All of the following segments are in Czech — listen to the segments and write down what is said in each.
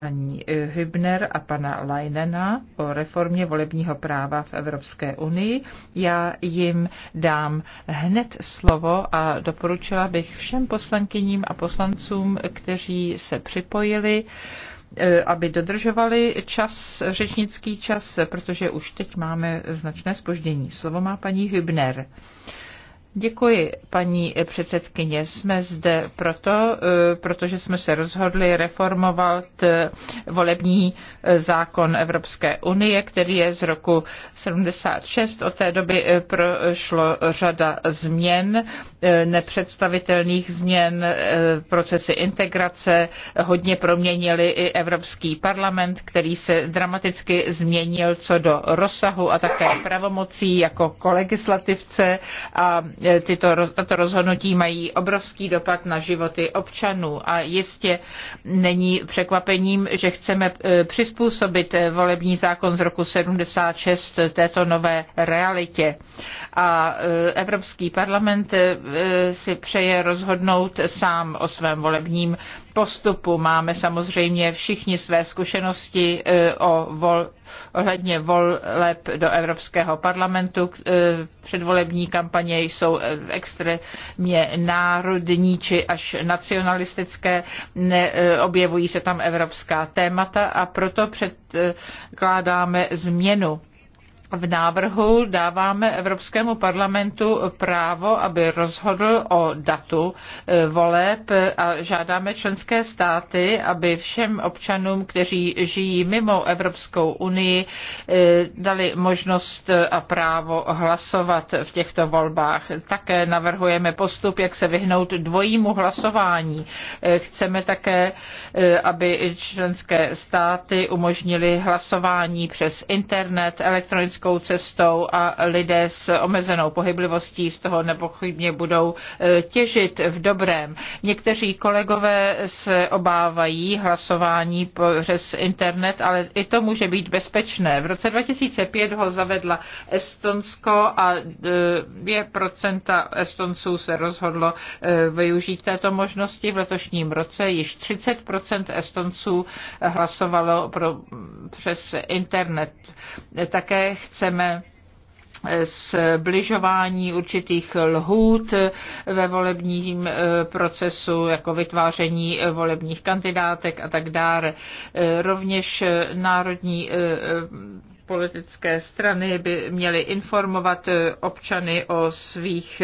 paní eh, Hübner a pana Leinena o reformě volebního práva v Evropské unii. Já jim dám hned slovo a doporučila bych všem poslankyním a poslancům, kteří se připojili, eh, aby dodržovali čas, řečnický čas, protože už teď máme značné spoždění. Slovo má paní Hübner. Děkuji, paní předsedkyně. Jsme zde proto, eh, protože jsme se rozhodli reformovat eh, volební eh, zákon Evropské unie, který je z roku 76. Od té doby prošlo řada změn, nepředstavitelných změn, procesy integrace hodně proměnili i Evropský parlament, který se dramaticky změnil co do rozsahu a také pravomocí jako kolegislativce a Eh, tyto, tato rozhodnutí mají obrovský dopad na životy občanů a jistě není překvapením, že chceme eh, přizpůsobit eh, volební zákon z roku 76 této nové realitě. A Evropský parlament si přeje rozhodnout sám o svém volebním postupu. Máme samozřejmě všichni své zkušenosti e, o vol, ohledně voleb do Evropského parlamentu. E, předvolební kampaně jsou e, extrémně národní či až nacionalistické, objevují se tam evropská témata a proto předkládáme změnu v návrhu dáváme Evropskému parlamentu právo, aby rozhodl o datu eh, voleb a žádáme členské státy, aby všem občanům, kteří žijí mimo Evropskou unii, eh, dali možnost a právo hlasovat v těchto volbách. Také navrhujeme postup, jak se vyhnout dvojímu hlasování. Eh, chceme také, aby členské státy umožnili hlasování přes internet, elektronické elektronickou cestou a lidé s omezenou pohyblivostí z toho nepochybně budou eh, těžit v dobrém. Někteří kolegové se obávají hlasování přes internet, ale i to může být bezpečné. V roce 2005 ho zavedla Estonsko a 2% eh, Estonců se rozhodlo eh, využít této možnosti. V letošním roce již 30% Estonců hlasovalo pro, mm, přes internet. Také chceme zbližování určitých lhůt ve volebním eh, procesu, jako vytváření eh, volebních kandidátek a tak dále. Eh, rovněž národní politické strany by měly informovat občany o svých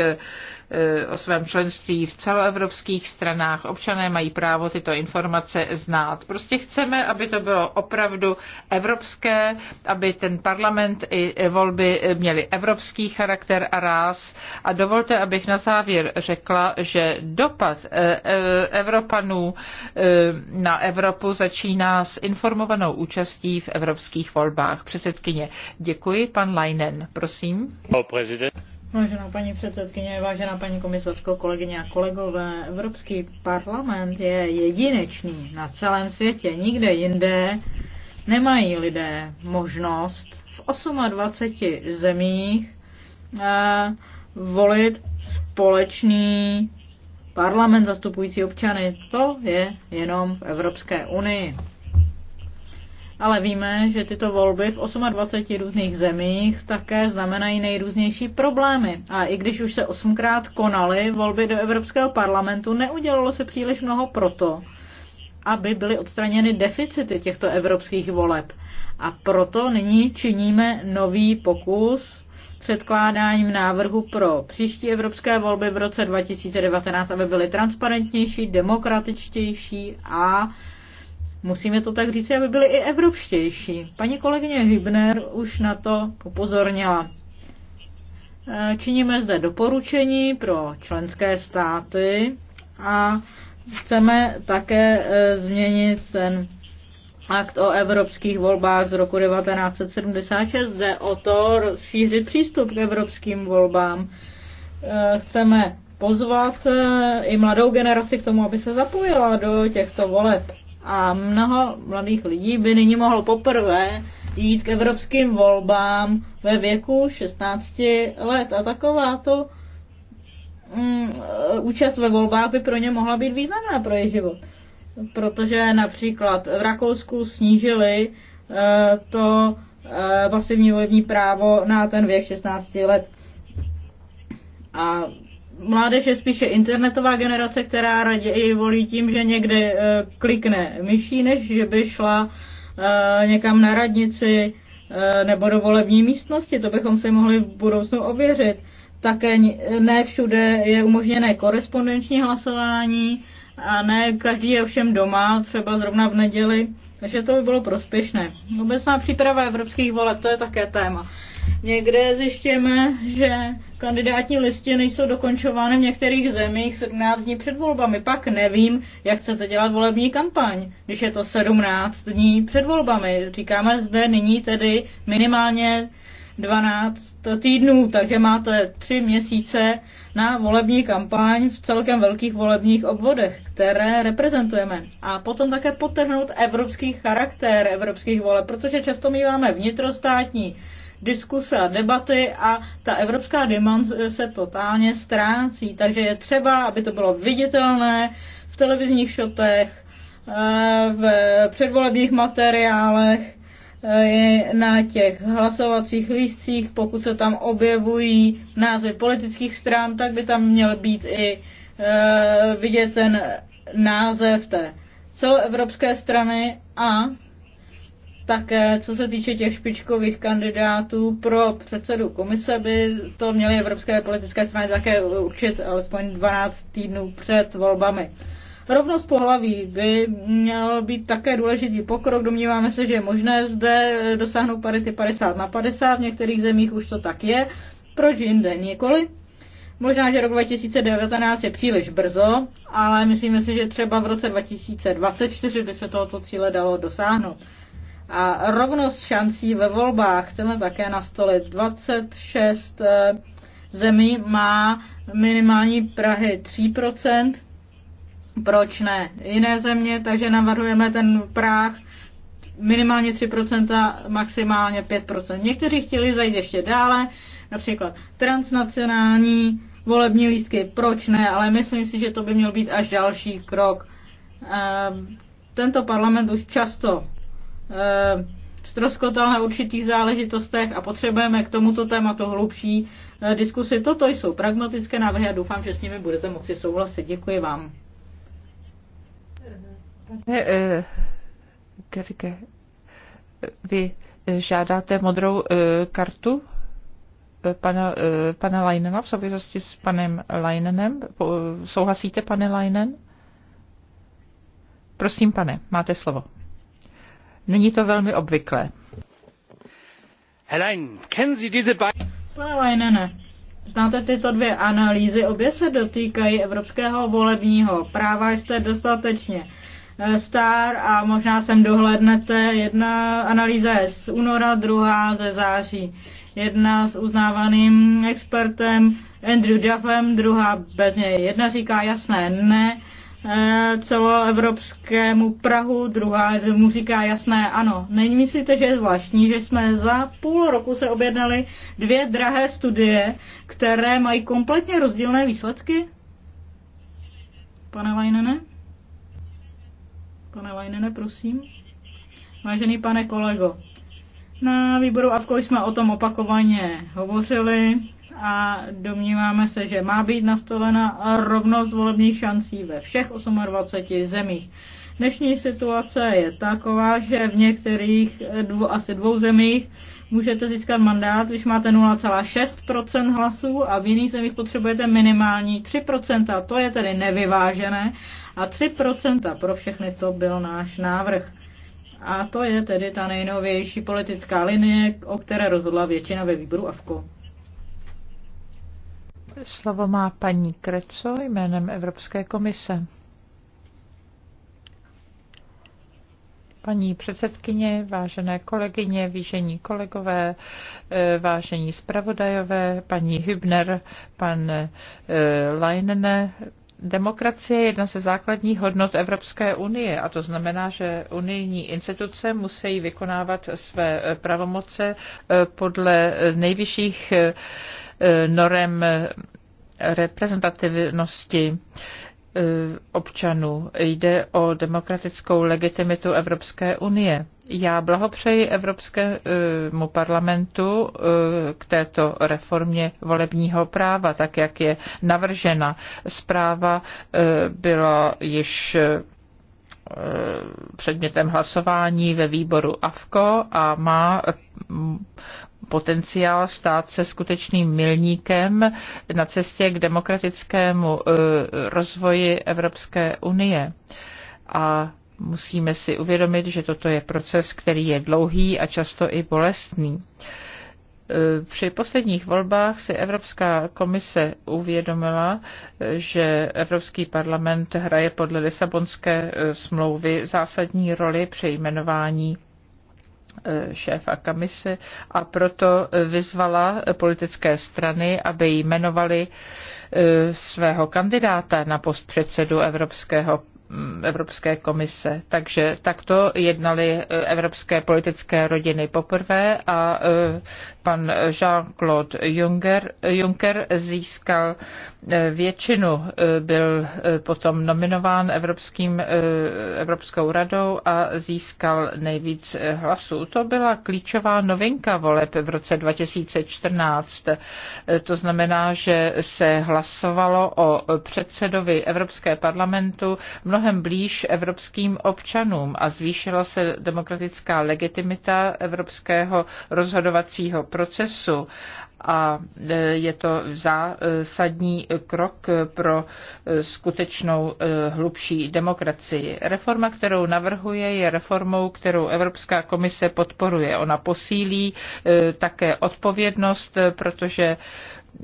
E, o svém členství v celoevropských stranách. Občané mají právo tyto informace znát. Prostě chceme, aby to bylo opravdu evropské, aby ten parlament i volby měly evropský charakter a ráz. A dovolte, abych na závěr řekla, že dopad e, e, Evropanů na Evropu začíná s informovanou účastí v evropských volbách. Předsedkyně, děkuji. Pan Leinen, prosím. Vážená paní předsedkyně, vážená paní komisařko, kolegyně a kolegové, Evropský parlament je jedinečný na celém světě. Nikde jinde nemají lidé možnost v 28 zemích eh, volit společný parlament zastupující občany. To je jenom v Evropské unii ale víme, že tyto volby v 28 různých zemích také znamenají nejrůznější problémy. A i když už se osmkrát konaly volby do Evropského parlamentu, neudělalo se příliš mnoho proto, aby byly odstraněny deficity těchto evropských voleb. A proto nyní činíme nový pokus předkládáním návrhu pro příští evropské volby v roce 2019, aby byly transparentnější, demokratičtější a Musíme to tak říct, aby byli i evropštější. Paní kolegyně Hübner už na to upozornila. E, činíme zde doporučení pro členské státy a chceme také e, změnit ten akt o evropských volbách z roku 1976. Jde o to rozšířit přístup k evropským volbám. E, chceme pozvat i mladou generaci k tomu, aby se zapojila do těchto voleb. A mnoho mladých lidí by nyní mohlo poprvé jít k evropským volbám ve věku 16 let. A to mm, eh, účast ve volbách by pro ně mohla být významná pro jejich život. Protože například v Rakousku snížili e, to e, eh, pasivní volební právo na ten věk 16 let. A mládež je spíše internetová generace, která raději volí tím, že někde eh, klikne myší, než že by šla eh, někam na radnici eh, nebo do volební místnosti. To bychom si mohli v budoucnu ověřit. Také ne všude je umožněné korespondenční hlasování a ne každý je všem doma, třeba zrovna v neděli, takže to by bylo prospěšné. Obecná příprava evropských voleb, to je také téma. Někde zjištěme, že kandidátní listy nejsou dokončovány v některých zemích 17 dní před volbami. Pak nevím, jak chcete dělat volební kampaň, když je to 17 dní před volbami. Říkáme zde nyní tedy minimálně 12 týdnů, takže máte 3 měsíce na volební kampaň v celkem velkých volebních obvodech, které reprezentujeme. A potom také potrhnout evropský charakter evropských voleb, protože často míváme vnitrostátní diskuse a debaty a ta evropská dimenze eh, se totálně ztrácí. Takže je třeba, aby to bylo viditelné v televizních šotech, eh, v předvolebních materiálech, eh, na těch hlasovacích lístcích, pokud se tam objevují názvy politických stran, tak by tam měl být i vidět ten název té celoevropské strany a také co se týče těch špičkových kandidátů pro předsedu komise, by to měly evropské politické strany také určit alespoň 12 týdnů před volbami. Rovnost pohlaví by měl být také důležitý pokrok. Domníváme se, že je možné zde dosáhnout parity 50 na 50, v některých zemích už to tak je, proč jinde nikoli. Možná, že rok 2019 je příliš brzo, ale myslíme si, že třeba v roce 2024 by se tohoto cíle dalo dosáhnout. A rovnost šancí ve volbách chceme také nastolit. 26 eh, zemí má minimální Prahy 3%, proč ne jiné země, takže navrhujeme ten práh minimálně 3%, maximálně 5%. Někteří chtěli zajít ještě dále, například transnacionální volební lístky, proč ne, ale myslím si, že to by měl být až další krok. Ehm, tento parlament už často Eh, ztroskotal na určitých záležitostech a potřebujeme k tomuto tématu hlubší eh, diskusy. Toto jsou pragmatické návrhy a doufám, že s nimi budete moci souhlasit. Děkuji vám. Pane eh, Gerge, vy žádáte modrou kartu pana, pana Leinena v souvislosti s panem Leinenem? Souhlasíte, pane Leinen? Prosím, pane, máte slovo. Není to velmi obvyklé. Helen, kennen Sie diese beiden... Ne, ne. Znáte tyto dvě analýzy, obě se dotýkají evropského volebního práva, jste dostatečně eh, star a možná sem dohlednete. Jedna analýza je z února, druhá ze září. Jedna s uznávaným expertem Andrew Duffem, druhá bez něj. Jedna říká jasné ne, Eh, celoevropskému Prahu, druhá mu říká jasné ano. myslíte že je zvláštní, že jsme za půl roku se objednali dvě drahé studie, které mají kompletně rozdílné výsledky? Pane Lajnene? Pane Lajnene, prosím. Vážený pane kolego, na výboru AVKO jsme o tom opakovaně hovořili a domníváme se, že má být nastolena rovnost volebních šancí ve všech 28 zemích. Dnešní situace je taková, že v některých dvou, asi dvou zemích můžete získat mandát, když máte 0,6% hlasů a v jiných zemích potřebujete minimální 3%. To je tedy nevyvážené a 3% pro všechny to byl náš návrh. A to je tedy ta nejnovější politická linie, o které rozhodla většina ve výboru AVKO. Slovo má paní Kreco jménem Evropské komise. Paní předsedkyně, vážené kolegyně, vížení kolegové, eh, vážení zpravodajové, paní Hübner, pan eh, Leinene, Demokracie je jedna ze základních hodnot Evropské unie a to znamená, že unijní instituce musí vykonávat své eh, pravomoce podle nejvyšších Eh, norem eh, reprezentativnosti eh, občanů. Jde o demokratickou legitimitu Evropské unie. Já blahopřeji Evropskému parlamentu k této reformě volebního práva, tak jak je navržena. Zpráva byla již předmětem hlasování ve výboru AFKO a má potenciál stát se skutečným milníkem na cestě k demokratickému eh, rozvoji Evropské unie. A musíme si uvědomit, že toto je proces, který je dlouhý a často i bolestný. Eh, při posledních volbách si Evropská komise uvědomila, eh, že Evropský parlament hraje podle Lisabonské smlouvy zásadní roli při jmenování Eh, šéfa kamise a proto eh, vyzvala eh, politické strany, aby jmenovali svého kandidáta na post předsedu Evropského Evropské komise. Takže takto jednali eh, evropské politické rodiny poprvé a eh, pan Jean-Claude Juncker, Juncker získal eh, většinu, byl potom nominován Evropským, Evropskou radou a získal nejvíc hlasů. To byla klíčová novinka voleb v roce 2014. To znamená, že se hlasovalo o předsedovi Evropské parlamentu mnohem blíž evropským občanům a zvýšila se demokratická legitimita evropského rozhodovacího procesu a e, je to zásadní krok pro e, skutečnou e, hlubší demokracii. Reforma, kterou navrhuje, je reformou, kterou Evropská komise podporuje. Ona posílí také odpovědnost, protože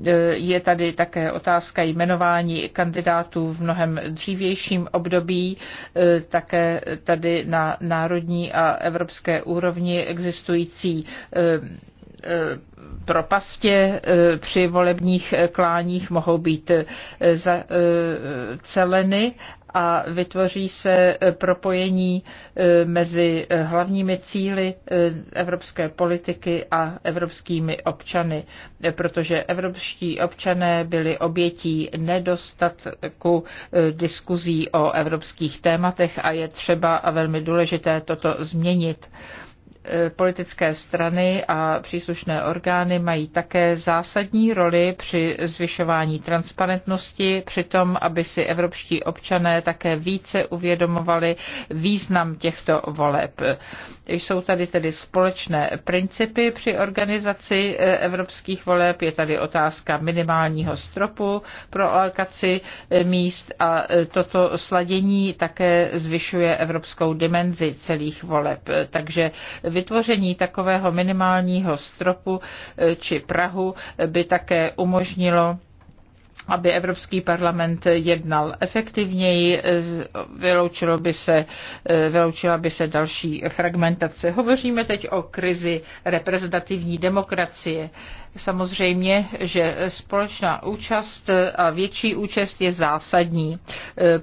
E, je tady také otázka jmenování kandidátů v mnohem dřívějším období. E, také tady na národní a evropské úrovni existující e, Eh, propastě eh, při volebních eh, kláních mohou být zaceleny a vytvoří se propojení mezi hlavními cíly evropské politiky a evropskými občany, protože evropští občané byli obětí nedostatku diskuzí o evropských tématech a je třeba a velmi důležité toto změnit. E, politické strany a příslušné orgány mají také zásadní roli při zvyšování transparentnosti, tom, aby si evropští občané také více uvědomovali význam těchto voleb. Jsou tady tedy společné principy při organizaci e, evropských voleb, je tady otázka minimálního stropu pro alokaci e, míst a toto sladění také zvyšuje evropskou dimenzi celých voleb. Takže Vytvoření takového minimálního stropu eh, či Prahu eh, by také umožnilo aby Evropský parlament jednal efektivněji, eh, vyloučilo by se, vyloučila by se další fragmentace. Hovoříme teď o krizi reprezentativní demokracie. Samozřejmě, že společná účast a větší účast je zásadní.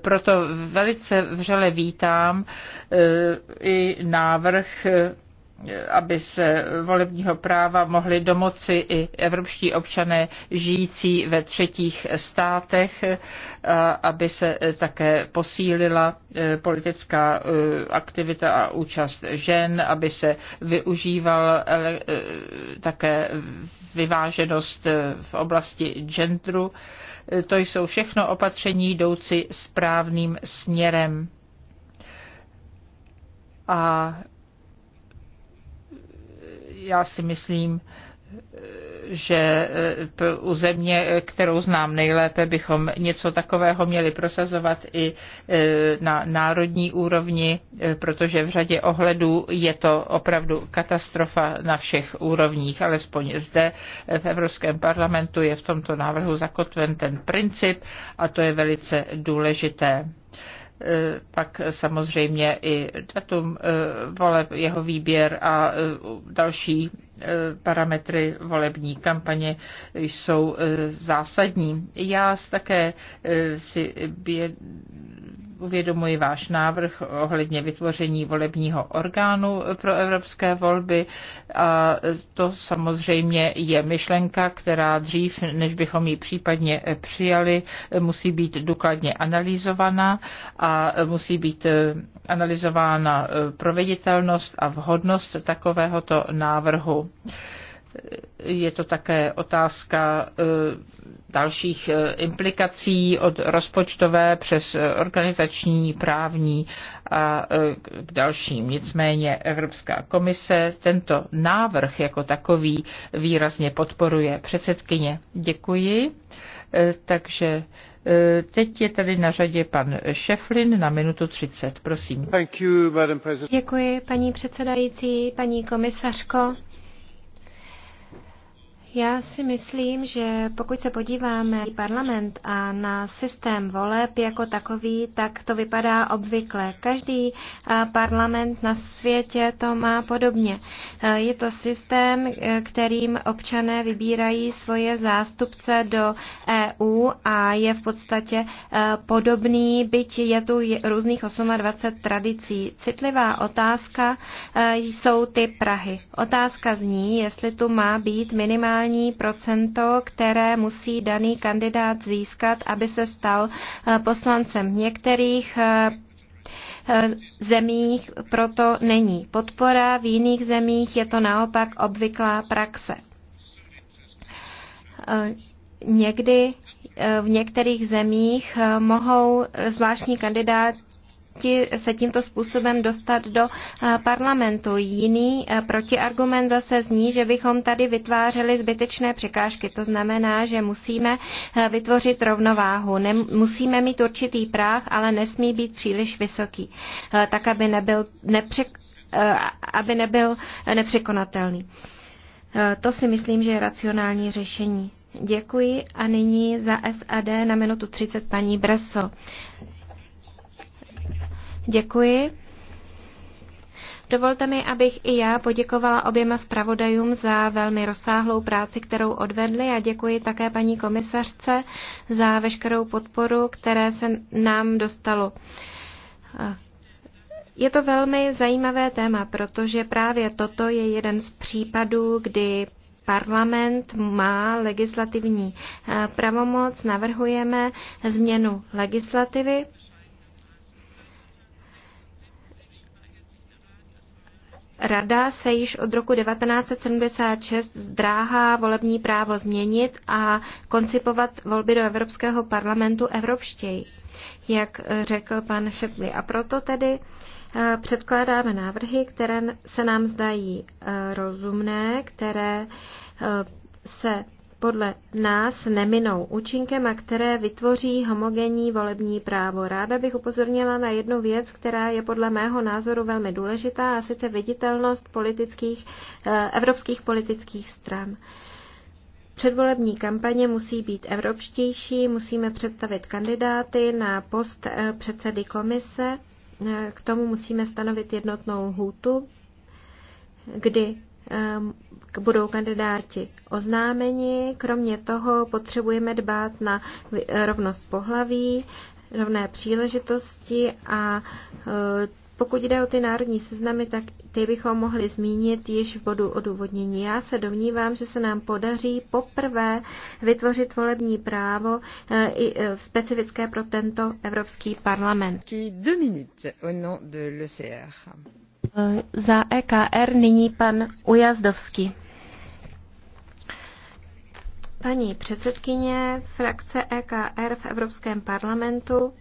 Proto velice vřele vítám i návrh aby se volebního práva mohli domoci i evropští občané žijící ve třetích státech, aby se také posílila e, politická e, aktivita a účast žen, aby se využíval e, také vyváženost v oblasti genderu. To jsou všechno opatření jdoucí správným směrem. A já si myslím, že e, u země, kterou znám nejlépe, bychom něco takového měli prosazovat i e, na národní úrovni, e, protože v řadě ohledů je to opravdu katastrofa na všech úrovních, alespoň zde v Evropském parlamentu je v tomto návrhu zakotven ten princip a to je velice důležité. E, pak samozřejmě i datum e, voleb, jeho výběr a e, další Eh, parametry volební kampaně jsou eh, zásadní. Já také eh, si uvědomuji váš návrh ohledně vytvoření volebního orgánu pro evropské volby a to samozřejmě je myšlenka, která dřív, než bychom ji případně přijali, musí být důkladně analyzovaná a musí být analyzována proveditelnost a vhodnost takovéhoto návrhu. Je to také otázka eh, dalších eh, implikací od rozpočtové přes organizační, právní a eh, k dalším. Nicméně Evropská komise tento návrh jako takový výrazně podporuje. Předsedkyně, děkuji. Takže Teď je tady na řadě pan Šeflin na minutu 30, prosím. You, Děkuji, paní předsedající, paní komisařko. Já si myslím, že pokud se podíváme na parlament a na systém voleb jako takový, tak to vypadá obvykle. Každý parlament na světě to má podobně. E, je to systém, e, kterým občané vybírají svoje zástupce do EU a je v podstatě e, podobný, byť je tu různých 28 tradicí. Citlivá otázka jsou ty Prahy. Otázka zní, jestli tu má být minimálně minimální procento, které musí daný kandidát získat, aby se stal eh, poslancem. V některých eh, eh, zemích proto není podpora, v jiných zemích je to naopak obvyklá praxe. Někdy v některých zemích mohou zvláštní kandidáti ti, se tímto způsobem dostat do eh, parlamentu. Jiný eh, protiargument zase zní, že bychom tady vytvářeli zbytečné překážky. To znamená, že musíme eh, vytvořit rovnováhu. musíme mít určitý práh, ale nesmí být příliš vysoký, tak aby nebyl, nepřek, aby nebyl nepřekonatelný. To si myslím, že je racionální řešení. Děkuji a nyní za SAD na minutu 30 paní Breso. Děkuji. Dovolte mi, abych i já poděkovala oběma zpravodajům za velmi rozsáhlou práci, kterou odvedli a děkuji také paní komisařce za veškerou podporu, které se nám dostalo. Je to velmi zajímavé téma, protože právě toto je jeden z případů, kdy parlament má legislativní eh, pravomoc, navrhujeme změnu legislativy Rada se již od roku 1976 zdráhá volební právo změnit a koncipovat volby do Evropského parlamentu evropštěji, jak řekl pan Šepli. A proto tedy eh, předkládáme návrhy, které se nám zdají eh, rozumné, které eh, se podle nás neminou účinkem a které vytvoří homogenní volební právo. Ráda bych upozornila na jednu věc, která je podle mého názoru velmi důležitá, a sice viditelnost politických, eh, evropských politických stran. Předvolební kampaně musí být evropštější, musíme představit kandidáty na post eh, předsedy komise, eh, k tomu musíme stanovit jednotnou lhůtu, kdy budou kandidáti oznámeni. Kromě toho potřebujeme dbát na eh, rovnost pohlaví, rovné příležitosti a eh, pokud jde o ty národní seznamy, tak ty bychom mohli zmínit již v bodu odůvodnění. Já se domnívám, že se nám podaří poprvé vytvořit volební právo eh, i specifické pro tento Evropský parlament. Eh, za EKR nyní pan Ujazdovský. Paní předsedkyně frakce EKR v Evropském parlamentu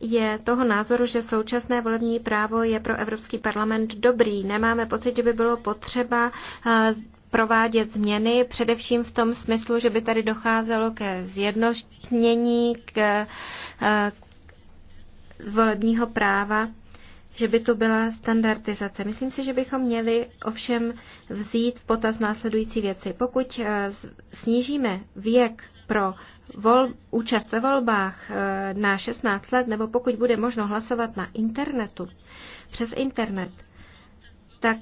je toho názoru, že současné volební právo je pro Evropský parlament dobrý. Nemáme pocit, že by bylo potřeba eh, provádět změny, především v tom smyslu, že by tady docházelo ke zjednotnění, k, eh, volebního práva že by to byla standardizace. Myslím si, že bychom měli ovšem vzít v potaz následující věci. Pokud eh, snížíme věk pro vol, účast ve volbách eh, na 16 let, nebo pokud bude možno hlasovat na internetu, přes internet, tak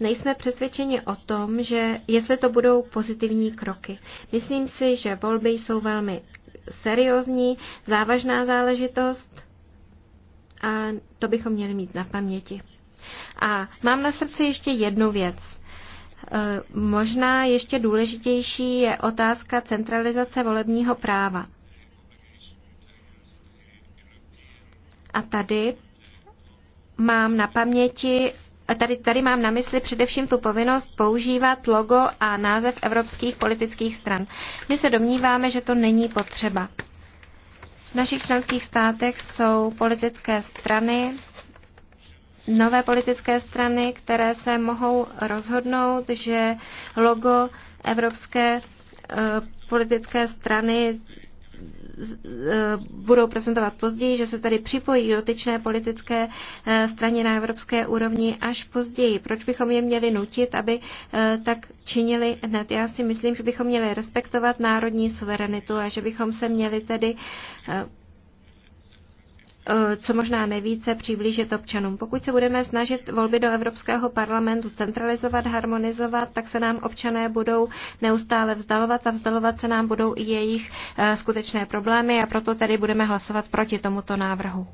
nejsme přesvědčeni o tom, že jestli to budou pozitivní kroky. Myslím si, že volby jsou velmi seriózní, závažná záležitost, a to bychom měli mít na paměti. A mám na srdci ještě jednu věc. E, možná ještě důležitější je otázka centralizace volebního práva. A tady mám na paměti Tady, tady mám na mysli především tu povinnost používat logo a název evropských politických stran. My se domníváme, že to není potřeba. V našich členských státech jsou politické strany, nové politické strany, které se mohou rozhodnout, že logo Evropské eh, politické strany Eh, budou prezentovat později, že se tady připojí dotyčné politické eh, straně na evropské úrovni až později. Proč bychom je měli nutit, aby eh, tak činili hned? Já si myslím, že bychom měli respektovat národní suverenitu a že bychom se měli tedy Eh, co možná nejvíce přiblížit občanům. Pokud se budeme snažit volby do Evropského parlamentu centralizovat, harmonizovat, tak se nám občané budou neustále vzdalovat a vzdalovat se nám budou i jejich eh, skutečné problémy a proto tedy budeme hlasovat proti tomuto návrhu.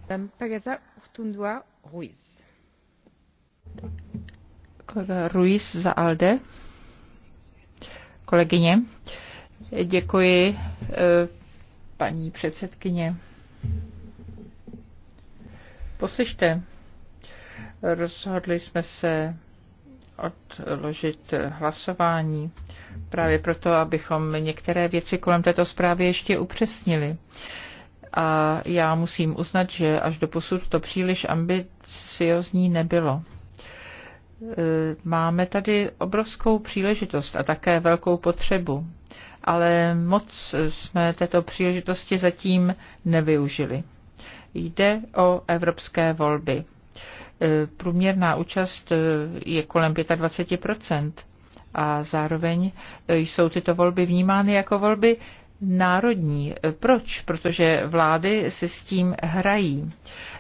Kolega Ruiz za ALDE. Kolegyně, děkuji eh, paní předsedkyně. Poslyšte, rozhodli jsme se odložit hlasování právě proto, abychom některé věci kolem této zprávy ještě upřesnili. A já musím uznat, že až do posud to příliš ambiciozní nebylo. E, máme tady obrovskou příležitost a také velkou potřebu, ale moc jsme této příležitosti zatím nevyužili. Jde o evropské volby. E, průměrná účast e, je kolem 25 a zároveň e, jsou tyto volby vnímány jako volby národní. Proč? Protože vlády si s tím hrají.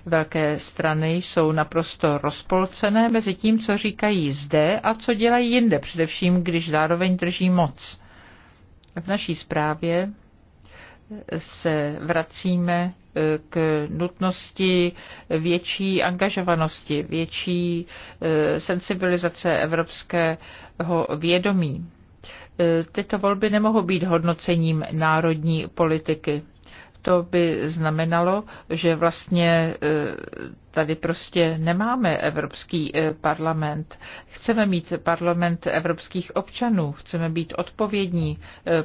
Velké strany jsou naprosto rozpolcené mezi tím, co říkají zde a co dělají jinde, především když zároveň drží moc. V naší zprávě se vracíme e, k nutnosti větší angažovanosti, větší e, sensibilizace evropského vědomí. E, tyto volby nemohou být hodnocením národní politiky. To by znamenalo, že vlastně tady prostě nemáme Evropský parlament. Chceme mít parlament evropských občanů, chceme být odpovědní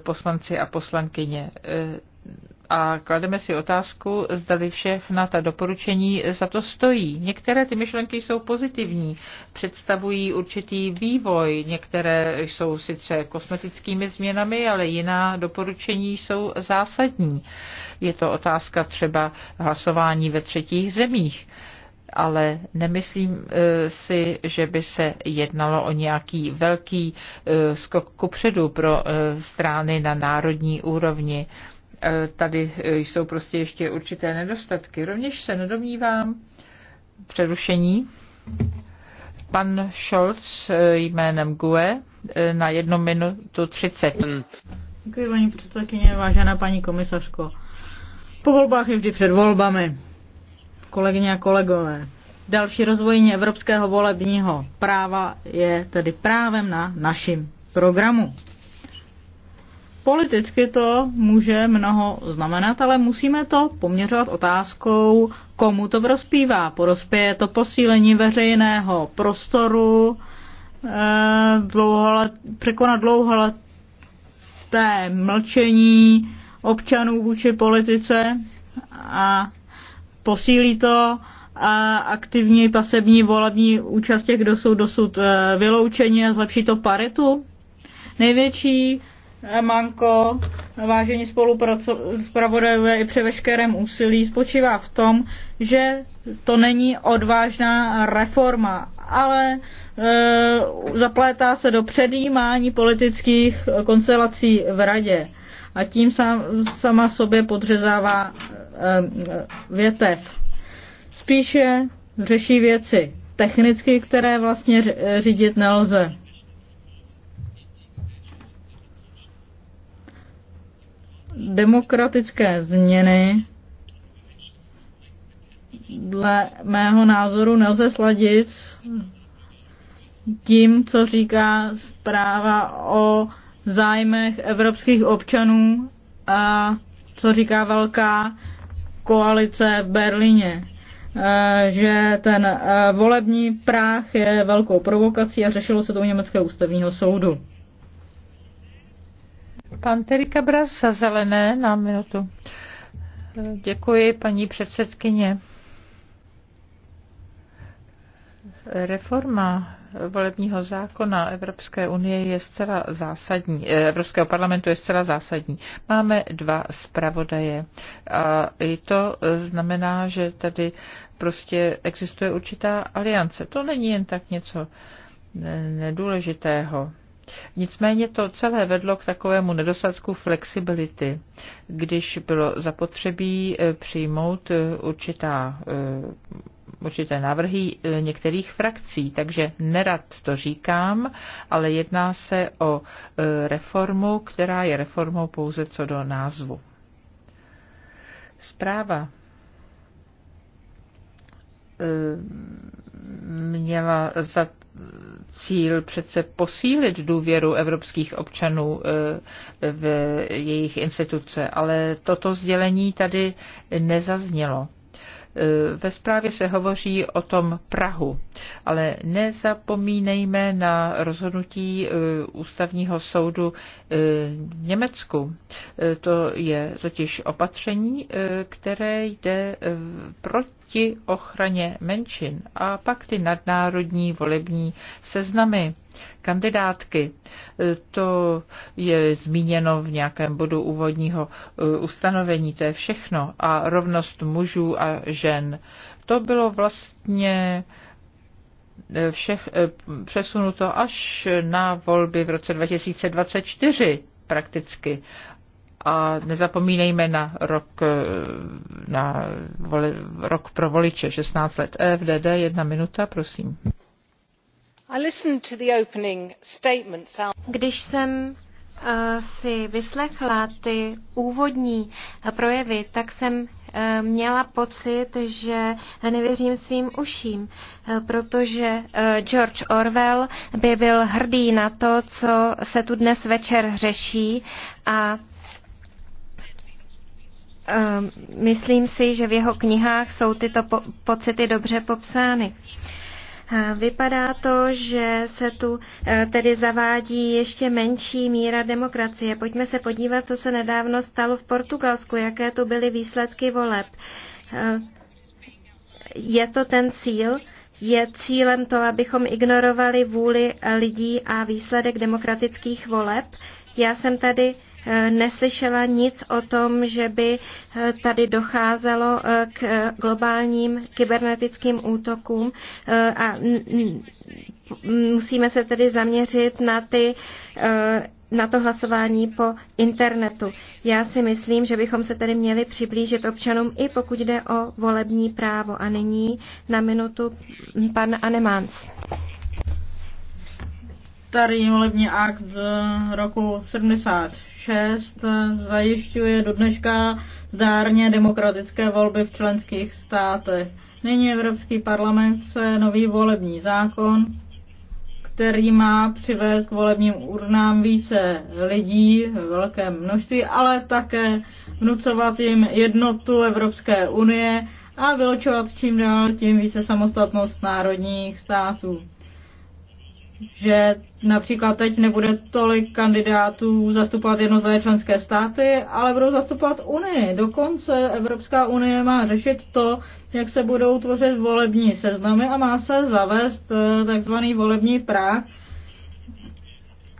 poslanci a poslankyně a klademe si otázku, zdali všechna ta doporučení za to stojí. Některé ty myšlenky jsou pozitivní, představují určitý vývoj, některé jsou sice kosmetickými změnami, ale jiná doporučení jsou zásadní. Je to otázka třeba hlasování ve třetích zemích ale nemyslím eh, si, že by se jednalo o nějaký velký eh, skok kupředu pro eh, strany na národní úrovni E, tady e, jsou prostě ještě určité nedostatky. Rovněž se nedomnívám přerušení. Pan Scholz e, jménem GUE na jednu minutu 30. Děkuji, paní předsedkyně, vážená paní komisařko. Po volbách je vždy před volbami. Kolegyně a kolegové, další rozvojení evropského volebního práva je tedy právem na našim programu. Politicky to může mnoho znamenat, ale musíme to poměřovat otázkou, komu to prospívá. Prospěje to posílení veřejného prostoru, eh, překonat dlouholeté mlčení občanů vůči politice a posílí to a aktivní pasivní volební účast těch, kdo jsou dosud eh, vyloučeni a zlepší to paritu. Největší Manko, vážení spolupravodajové i při veškerém úsilí, spočívá v tom, že to není odvážná reforma, ale e, zaplétá se do předjímání politických konstelací v radě a tím sám, sama sobě podřezává e, větev. Spíše řeší věci technicky, které vlastně řídit nelze. demokratické změny dle mého názoru nelze sladit tím, co říká zpráva o zájmech evropských občanů a co říká velká koalice v Berlíně. Eh, že ten eh, volební práh je velkou provokací a řešilo se to u Německého ústavního soudu. Pan Terika za zelené na minutu. Děkuji, paní předsedkyně. Reforma volebního zákona Evropské unie je zcela zásadní, eh, Evropského parlamentu je zcela zásadní. Máme dva zpravodaje a i to znamená, že tady prostě existuje určitá aliance. To není jen tak něco eh, nedůležitého. Nicméně to celé vedlo k takovému nedostatku flexibility, když bylo zapotřebí eh, přijmout eh, určitá eh, určité návrhy některých frakcí, takže nerad to říkám, ale jedná se o reformu, která je reformou pouze co do názvu. Zpráva měla za cíl přece posílit důvěru evropských občanů eh, v jejich instituce, ale toto sdělení tady nezaznělo. Eh, ve zprávě se hovoří o tom Prahu, ale nezapomínejme na rozhodnutí eh, ústavního soudu v Německu. To je totiž opatření, které jde proti proti ochraně menšin a pak ty nadnárodní volební seznamy kandidátky. To je zmíněno v nějakém bodu úvodního eh, ustanovení, to je všechno. A rovnost mužů a žen. To bylo vlastně eh, všech, eh, přesunuto až na volby v roce 2024 prakticky a nezapomínejme na rok, eh, na voli, rok pro voliče 16 let. FDD, jedna minuta, prosím. Když jsem eh, si vyslechla ty úvodní projevy, tak jsem eh, měla pocit, že nevěřím svým uším, protože George Orwell by byl hrdý na to, co se tu dnes večer řeší a Ehm, myslím si, že v jeho knihách jsou tyto po- pocity dobře popsány. Vypadá to, že se tu e, tedy zavádí ještě menší míra demokracie. Pojďme se podívat, co se nedávno stalo v Portugalsku, jaké tu byly výsledky voleb. E, je to ten cíl? Je cílem to, abychom ignorovali vůli lidí a výsledek demokratických voleb? Já jsem tady eh, neslyšela nic o tom, že by eh, tady docházelo eh, k globálním kybernetickým útokům a musíme se tedy zaměřit na ty na to hlasování po internetu. Já si myslím, že bychom se tedy měli přiblížit občanům, i pokud jde o volební právo. A nyní na minutu pan Anemans starý volební akt z roku 76 zajišťuje do dneška zdárně demokratické volby v členských státech. Nyní Evropský parlament se nový volební zákon, který má přivést k volebním urnám více lidí v velkém množství, ale také vnucovat jim jednotu Evropské unie a vylučovat čím dál tím více samostatnost národních států že například teď nebude tolik kandidátů zastupovat jednotlivé členské státy, ale budou zastupovat Unii. Dokonce Evropská unie má řešit to, jak se budou tvořit volební seznamy a má se zavést eh, takzvaný volební práh.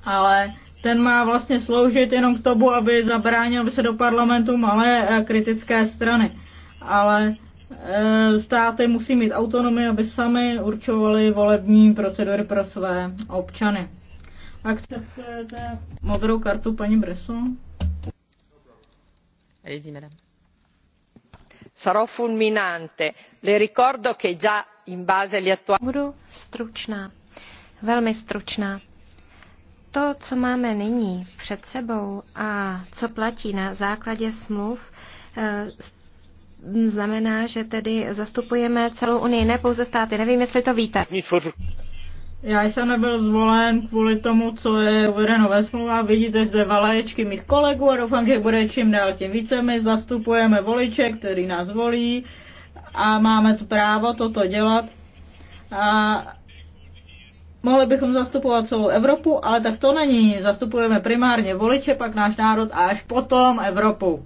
Ale ten má vlastně sloužit jenom k tomu, aby zabránil, by se do parlamentu malé eh, kritické strany. Ale Eh, státy musí mít autonomii, aby sami určovali volební procedury pro své občany. Akceptujete modrou kartu paní Bresson? allez Sarò fulminante. Le ricordo che già in base agli attuali... Budu stručná, velmi stručná. To, co máme nyní před sebou a co platí na základě smluv, eh, znamená, že tedy zastupujeme celou Unii, ne pouze státy. Nevím, jestli to víte. Já jsem nebyl zvolen kvůli tomu, co je uvedeno ve smlouvě. Vidíte zde valéčky mých kolegů a doufám, že bude čím dál tím více. My zastupujeme voliče, který nás volí a máme tu právo toto dělat. A mohli bychom zastupovat celou Evropu, ale tak to není. Zastupujeme primárně voliče, pak náš národ a až potom Evropu.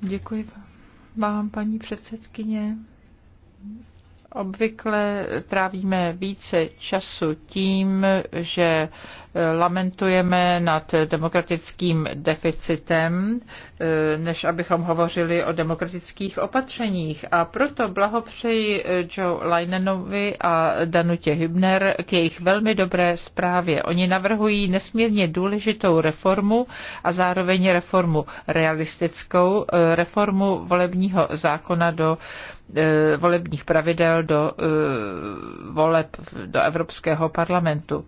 Děkuji vám, paní předsedkyně. Obvykle trávíme více času tím, že lamentujeme nad demokratickým deficitem, eh, než abychom hovořili o demokratických opatřeních. A proto blahopřeji Joe Linenovi a Danutě Hübner k jejich velmi dobré zprávě. Oni navrhují nesmírně důležitou reformu a zároveň reformu realistickou, eh, reformu volebního zákona do Eh, volebních pravidel do eh, voleb do Evropského parlamentu.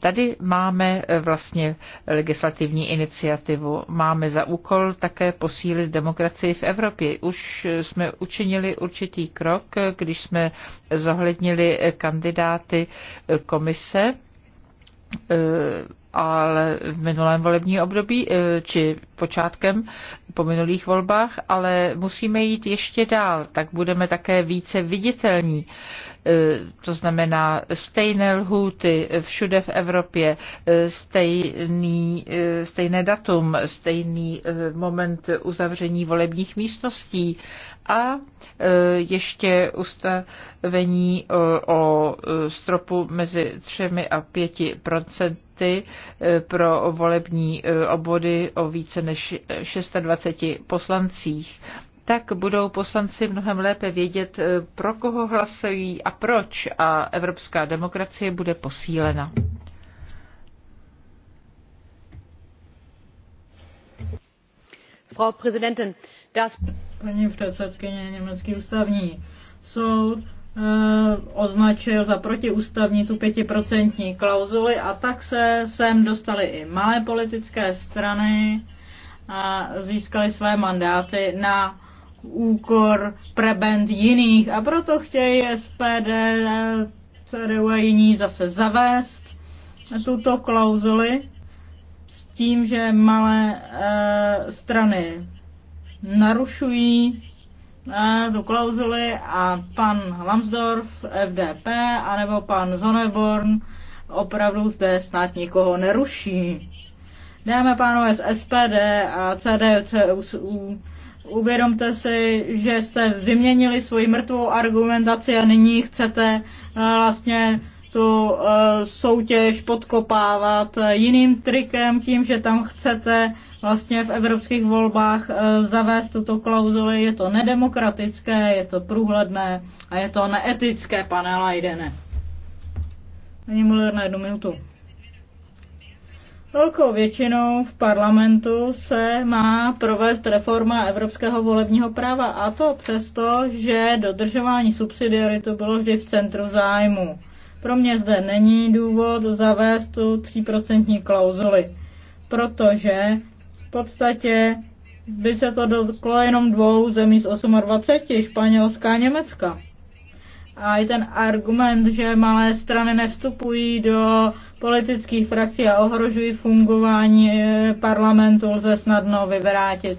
Tady máme eh, vlastně legislativní iniciativu. Máme za úkol také posílit demokracii v Evropě. Už jsme učinili určitý krok, když jsme zohlednili kandidáty komise ale v minulém volebním období, eh, či počátkem po minulých volbách, ale musíme jít ještě dál, tak budeme také více viditelní eh, to znamená stejné lhůty všude v Evropě, eh, stejný, stejné datum, stejný moment uzavření volebních místností a e, ještě ustavení e, o e, stropu mezi 3 a 5 procenty pro volební obvody o více než 26 poslancích tak budou poslanci mnohem lépe vědět, pro koho hlasují a proč a evropská demokracie bude posílena. Frau Präsidentin, das... Paní předsedkyně Německý ústavní soud eh, označil za protiústavní tu pětiprocentní klauzuli a tak se sem dostaly i malé politické strany a získali své mandáty na úkor prebend jiných a proto chtějí SPD, CDU a jiní zase zavést tuto klauzuli s tím, že malé e, strany narušují eh, tu klauzuli a pan Lambsdorff FDP anebo pan Zoneborn opravdu zde snad nikoho neruší. Dáme pánové z SPD a CDU, CSU, uvědomte si, že jste vyměnili svoji mrtvou argumentaci a nyní chcete eh, vlastně tu eh, soutěž podkopávat jiným trikem, tím, že tam chcete vlastně v evropských volbách eh, zavést tuto klauzuli. Je to nedemokratické, je to průhledné a je to neetické, pane Lajdene. Ani Müller na jednu minutu. Velkou většinou v parlamentu se má provést reforma evropského volebního práva a to přesto, že dodržování subsidiarity bylo vždy v centru zájmu. Pro mě zde není důvod zavést tu 3% klauzuli, protože podstatě by se to dotklo jenom dvou zemí z 28, Španělská a Německa. A i ten argument, že malé strany nevstupují do politických frakcí a ohrožují fungování eh, parlamentu, lze snadno vyvrátit.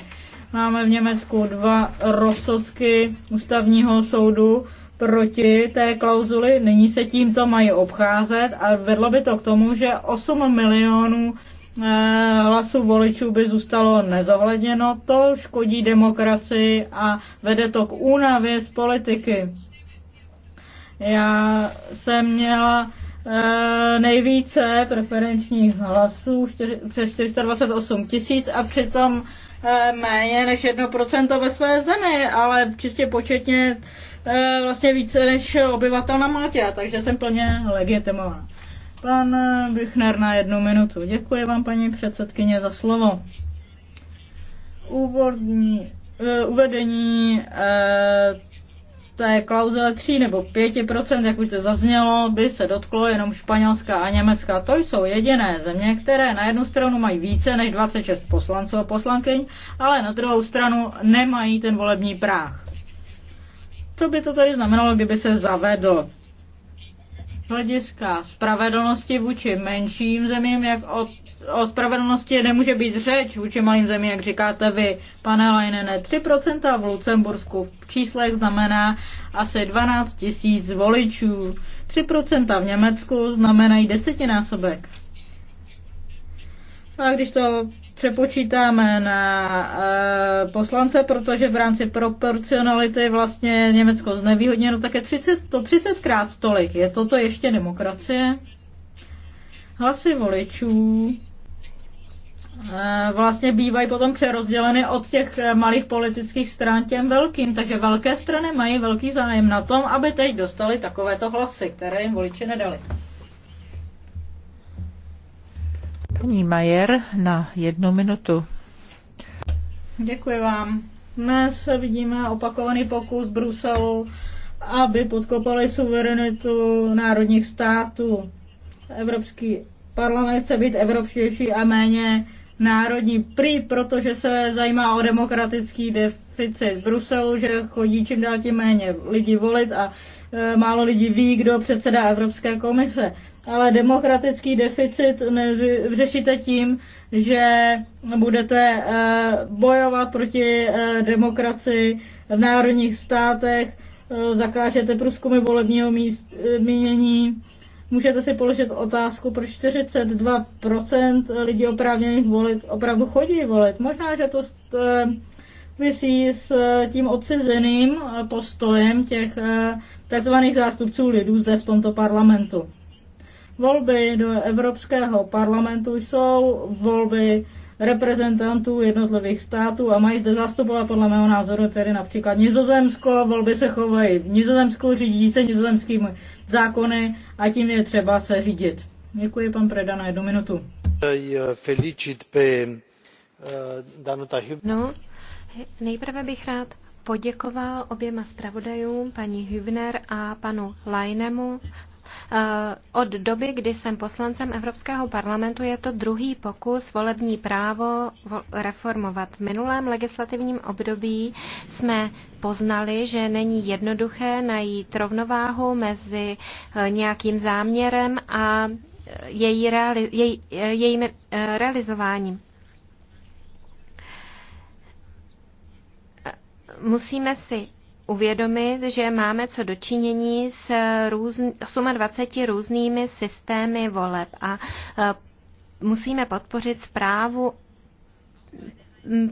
Máme v Německu dva rozsudky ústavního soudu proti té klauzuli. Nyní se tímto mají obcházet a vedlo by to k tomu, že 8 milionů Eh, hlasu voličů by zůstalo nezohledněno, to škodí demokracii a vede to k únavě z politiky. Já jsem měla eh, nejvíce preferenčních hlasů, přes 428 tisíc a přitom eh, méně než 1% ve své zemi, ale čistě početně vlastně více než obyvatel na Maltě, takže jsem plně legitimovaná. Pan eh, Büchner na jednu minutu. Děkuji vám, paní předsedkyně, za slovo. Úvodní, eh, uvedení eh, té klauzule 3 nebo 5%, jak už to zaznělo, by se dotklo jenom Španělská a Německa. To jsou jediné země, které na jednu stranu mají více než 26 poslanců a poslankyň, ale na druhou stranu nemají ten volební práh. Co by to tady znamenalo, kdyby se zavedl? z hlediska spravedlnosti vůči menším zemím, jak o, o spravedlnosti nemůže být řeč vůči malým zemím, jak říkáte vy, pane Lajnene, 3% v Lucembursku v číslech znamená asi 12 tisíc voličů. 3% v Německu znamenají desetinásobek. A když to přepočítáme na eh, poslance, protože v rámci proporcionality vlastně Německo znevýhodněno také 30, to 30krát tolik. Je toto ještě demokracie? Hlasy voličů eh, vlastně bývají potom přerozděleny od těch malých politických stran těm velkým, takže velké strany mají velký zájem na tom, aby teď dostali takovéto hlasy, které jim voliči nedali. Paní Majer na jednu minutu. Děkuji vám. Dnes vidíme opakovaný pokus Bruselu, aby podkopali suverenitu národních států. Evropský parlament chce být evropštější a méně národní prý, protože se zajímá o demokratický deficit Bruselu, že chodí čím dál tím méně lidí volit a Eh, málo lidí ví, kdo předsedá Evropské komise. Ale demokratický deficit řešíte tím, že budete eh, bojovat proti eh, demokracii v národních státech, zakážete průzkumy volebního míst, mínění. Můžete si položit otázku, proč 42% lidí oprávněných volit opravdu chodí volit. Možná, že to souvisí s eh, tím odcizeným eh, postojem těch eh, tzv. zástupců lidů zde v tomto parlamentu. Volby do Evropského parlamentu jsou volby reprezentantů jednotlivých států a mají zde zastupovat podle mého názoru tedy například Nizozemsko, volby se chovají v Nizozemsku, řídí se nizozemskými zákony a tím je třeba se řídit. Děkuji, pan Preda, na jednu minutu. No, Nejprve bych rád poděkoval oběma zpravodajům, paní Hübner a panu Lajnemu. Eh, od doby, kdy jsem poslancem Evropského parlamentu, je to druhý pokus volební právo reformovat. V minulém legislativním období jsme poznali, že není jednoduché najít rovnováhu mezi eh, nějakým záměrem a eh, její reali- jej, jejím realizováním. musíme si uvědomit, že máme co dočinění s různ, 28 různými systémy voleb a e, musíme podpořit zprávu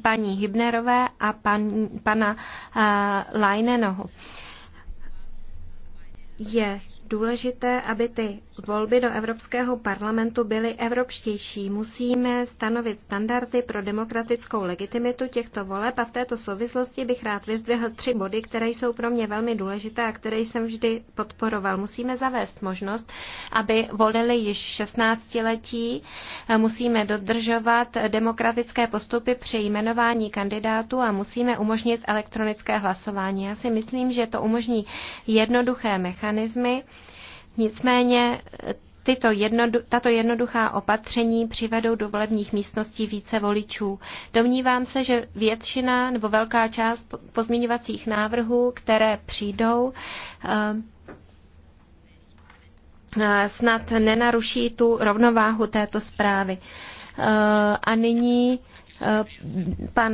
paní Hybnerové a pan, pana uh, e, Leinenohu. Je důležité, aby ty volby do Evropského parlamentu byly evropštější. Musíme stanovit standardy pro demokratickou legitimitu těchto voleb a v této souvislosti bych rád vyzdvihl tři body, které jsou pro mě velmi důležité a které jsem vždy podporoval. Musíme zavést možnost, aby volili již 16-letí, musíme dodržovat demokratické postupy při jmenování kandidátů a musíme umožnit elektronické hlasování. Já si myslím, že to umožní jednoduché mechanizmy, Nicméně tyto jednodu, tato jednoduchá opatření přivedou do volebních místností více voličů. Domnívám se, že většina nebo velká část pozměňovacích návrhů, které přijdou, eh, eh, snad nenaruší tu rovnováhu této zprávy. Eh, a nyní pan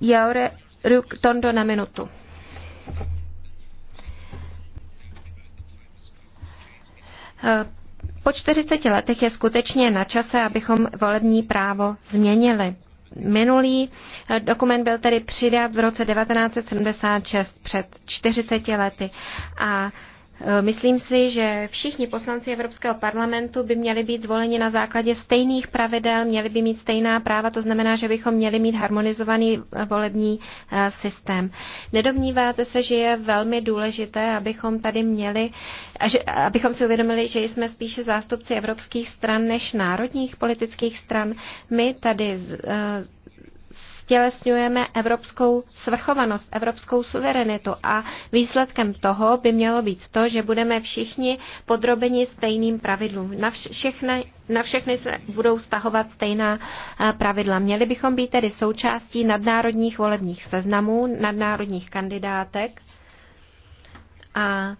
Jaure Ruk Tondo na minutu. Eh, po 40 letech je skutečně na čase, abychom volební právo změnili. Minulý eh, dokument byl tedy přidat v roce 1976 před 40 lety a Eh, myslím si, že všichni poslanci Evropského parlamentu by měli být zvoleni na základě stejných pravidel, měli by mít stejná práva, to znamená, že bychom měli mít harmonizovaný eh, volební eh, systém. Nedomníváte se, že je velmi důležité, abychom tady měli, abychom si uvědomili, že jsme spíše zástupci evropských stran než národních politických stran. My tady stělesňujeme evropskou svrchovanost, evropskou suverenitu a výsledkem toho by mělo být to, že budeme všichni podrobeni stejným pravidlům. Na všechny, na všechny se budou stahovat stejná eh, pravidla. Měli bychom být tedy součástí nadnárodních volebních seznamů, nadnárodních kandidátek a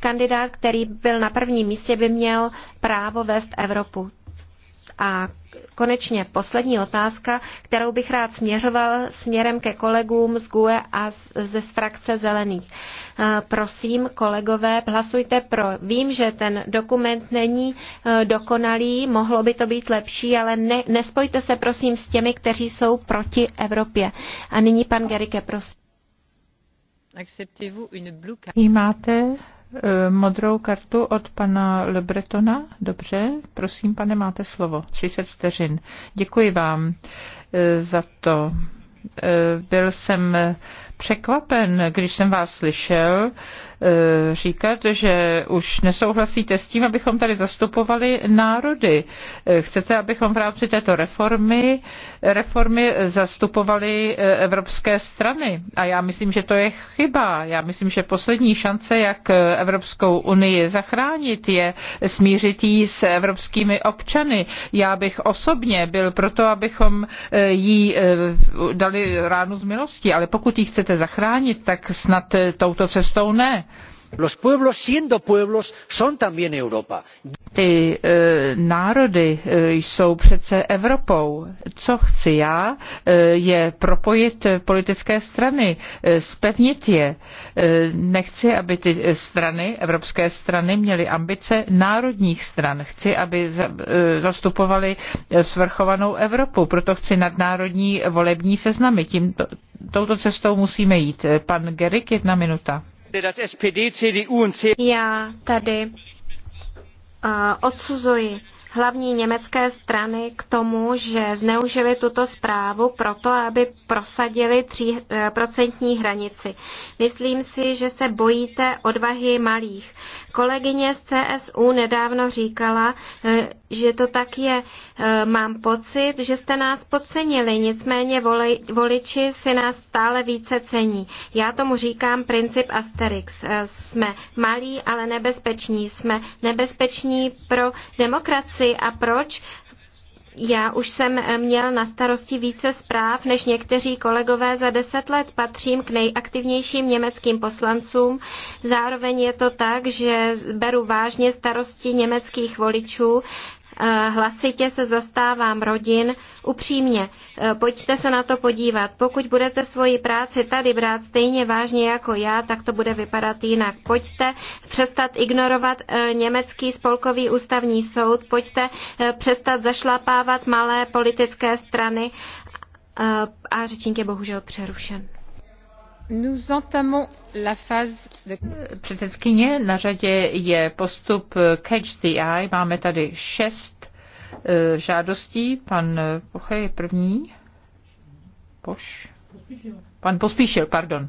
kandidát, který byl na prvním místě, by měl právo vést Evropu. A konečně poslední otázka, kterou bych rád směřoval směrem ke kolegům z GUE a ze frakce Zelených. Eh, prosím, kolegové, hlasujte pro. Vím, že ten dokument není eh, dokonalý, mohlo by to být lepší, ale ne, nespojte se prosím s těmi, kteří jsou proti Evropě. A nyní pan Gerike, prosím. Vy máte Eh, modrou kartu od pana Lebretona. Dobře, prosím, pane, máte slovo. 30 vteřin. Děkuji vám eh, za to. Eh, byl jsem překvapen, když jsem vás slyšel Eh, říkat, že už nesouhlasíte s tím, abychom tady zastupovali národy. Eh, chcete, abychom v rámci této reformy, reformy zastupovali eh, evropské strany. A já myslím, že to je chyba. Já myslím, že poslední šance, jak Evropskou unii zachránit, je smířit ji s evropskými občany. Já bych osobně byl proto, abychom jí dali ránu z milosti, ale pokud ji chcete zachránit, tak snad touto cestou ne. Los pueblos siendo pueblos son también Europa. Ty e, národy e, jsou přece Evropou. Co chci já, e, je propojit politické strany, e, spevnit je. E, nechci, aby ty strany, evropské strany, měly ambice národních stran. Chci, aby za, e, zastupovali svrchovanou Evropu. Proto chci nadnárodní volební seznamy. Tím, touto cestou musíme jít. E, pan Gerik, jedna minuta. Já tady eh, odsuzuji hlavní německé strany k tomu, že zneužili tuto zprávu proto, aby prosadili 3% eh, hranici. Myslím si, že se bojíte odvahy malých. Kolegyně z CSU nedávno říkala, eh, že to tak je. Eh, mám pocit, že jste nás podcenili, nicméně voliči si nás stále více cení. Já tomu říkám princip Asterix. Jsme malí, ale nebezpeční. Jsme nebezpeční pro demokracii situaci a proč. Já už jsem měl na starosti více zpráv než někteří kolegové. Za deset let patřím k nejaktivnějším německým poslancům. Zároveň je to tak, že beru vážně starosti německých voličů. Eh, hlasitě se zastávám rodin. Upřímně, eh, pojďte se na to podívat. Pokud budete svoji práci tady brát stejně vážně jako já, tak to bude vypadat jinak. Pojďte přestat ignorovat eh, německý spolkový ústavní soud, pojďte přestat zašlapávat malé politické strany a řečník je bohužel přerušen. Předsedkyně, na řadě je postup eh, Catch the Eye. Máme tady šest eh, žádostí. Pan Poche je první. Poš? Pan Pospíšil, pardon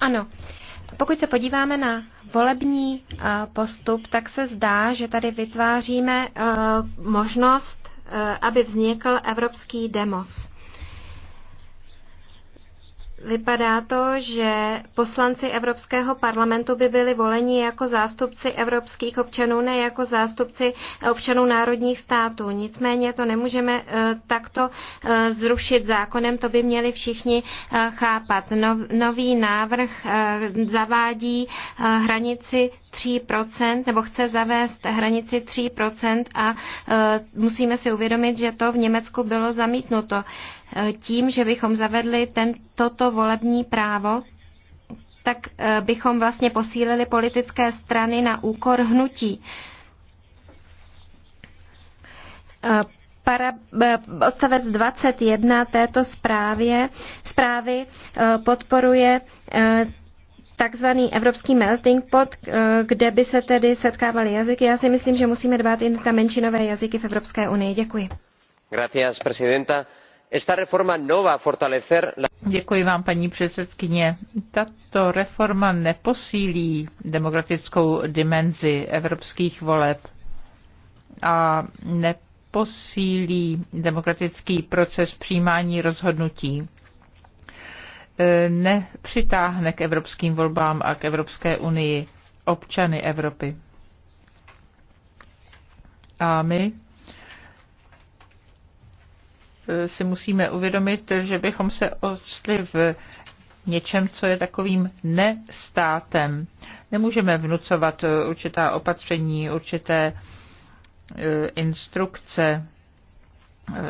Ano. Pokud se podíváme na volební eh, postup, tak se zdá, že tady vytváříme eh, možnost, eh, aby vznikl evropský demos. Vypadá to, že poslanci Evropského parlamentu by byli voleni jako zástupci evropských občanů, ne jako zástupci občanů národních států. Nicméně to nemůžeme eh, takto eh, zrušit zákonem, to by měli všichni eh, chápat. nový návrh zavádí hranici 3%, nebo chce zavést hranici 3% a e, musíme si uvědomit, že to v Německu bylo zamítnuto. E, tím, že bychom zavedli ten, toto volební právo, tak e, bychom vlastně posílili politické strany na úkor hnutí. E, para, e, odstavec 21 této zprávě, zprávy e, podporuje e, takzvaný evropský melting pot, eh, kde by se tedy setkávaly jazyky. Já si myslím, že musíme dbát i na menšinové jazyky v Evropské unii. Děkuji. Gracias, presidenta. Esta reforma no va a fortalecer la... Děkuji vám, paní předsedkyně. Tato reforma neposílí demokratickou dimenzi evropských voleb a neposílí demokratický proces přijímání rozhodnutí. E, nepřitáhne k evropským volbám a k Evropské unii občany Evropy. A my e, si musíme uvědomit, že bychom se odstli v něčem, co je takovým nestátem. Nemůžeme vnucovat určitá opatření, určité e, instrukce,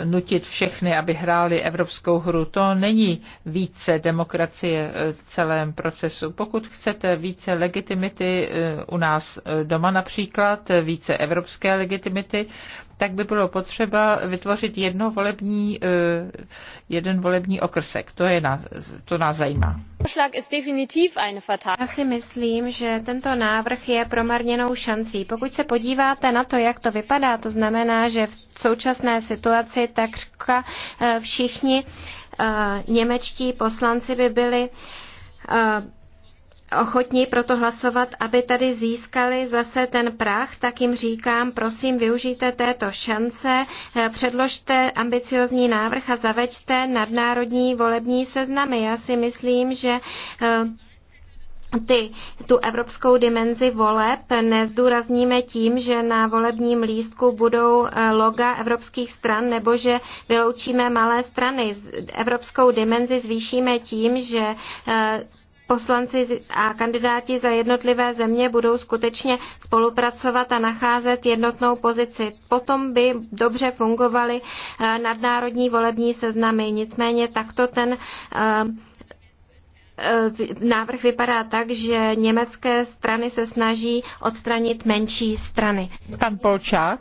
nutit všechny, aby hráli evropskou hru. To není více demokracie v celém procesu. Pokud chcete více legitimity eh, u nás eh, doma například, eh, více evropské legitimity, tak by bylo potřeba vytvořit jedno volební, eh, jeden volební okrsek. To, je na, to nás zajímá. Já si myslím, že tento návrh je promarněnou šancí. Pokud se podíváte na to, jak to vypadá, to znamená, že v současné situaci takřka eh, všichni eh, němečtí poslanci by byli ochotní proto hlasovat, aby tady získali zase ten prach, tak jim říkám, prosím, využijte této šance, eh, předložte ambiciozní návrh a zaveďte nadnárodní volební seznamy. Já si myslím, že eh, ty, tu evropskou dimenzi voleb nezdůrazníme tím, že na volebním lístku budou eh, loga evropských stran nebo že vyloučíme malé strany. Evropskou dimenzi zvýšíme tím, že poslanci a kandidáti za jednotlivé země budou skutečně spolupracovat a nacházet jednotnou pozici. Potom by dobře fungovaly eh, nadnárodní volební seznamy. Nicméně takto ten eh, eh, návrh vypadá tak, že německé strany se snaží odstranit menší strany. Pan Polčák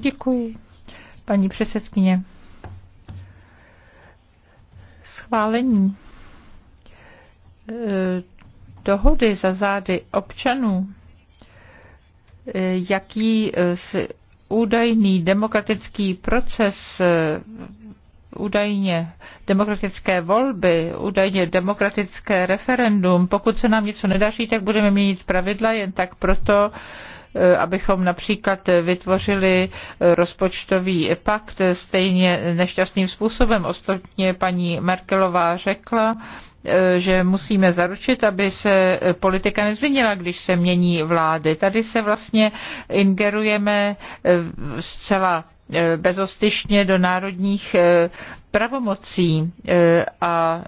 Děkuji, paní předsedkyně. Schválení eh, dohody za zády občanů, eh, jaký eh, údajný demokratický proces údajně demokratické volby, údajně demokratické referendum. Pokud se nám něco nedaří, tak budeme měnit pravidla jen tak proto, Eh, abychom například vytvořili eh, rozpočtový pakt eh, stejně nešťastným způsobem. Ostatně paní Merkelová řekla, že musíme zaručit, aby se politika nezměnila, když se mění vlády. Tady se vlastně ingerujeme zcela bezostyšně do národních pravomocí a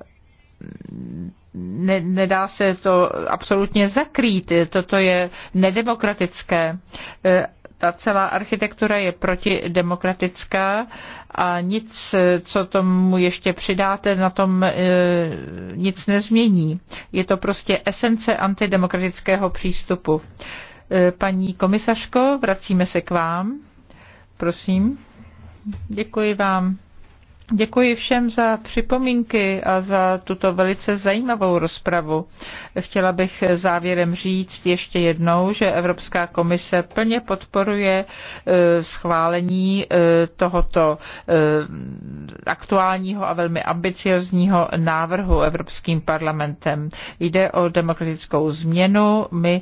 ne, nedá se to absolutně zakrýt. Toto je nedemokratické. E, ta celá architektura je protidemokratická a nic, co tomu ještě přidáte, na tom e, nic nezmění. Je to prostě esence antidemokratického přístupu. E, paní komisařko, vracíme se k vám. Prosím. Děkuji vám. Děkuji všem za připomínky a za tuto velice zajímavou rozpravu. Chtěla bych závěrem říct ještě jednou, že Evropská komise plně podporuje e, schválení e, tohoto e, aktuálního a velmi ambiciozního návrhu Evropským parlamentem. Jde o demokratickou změnu, my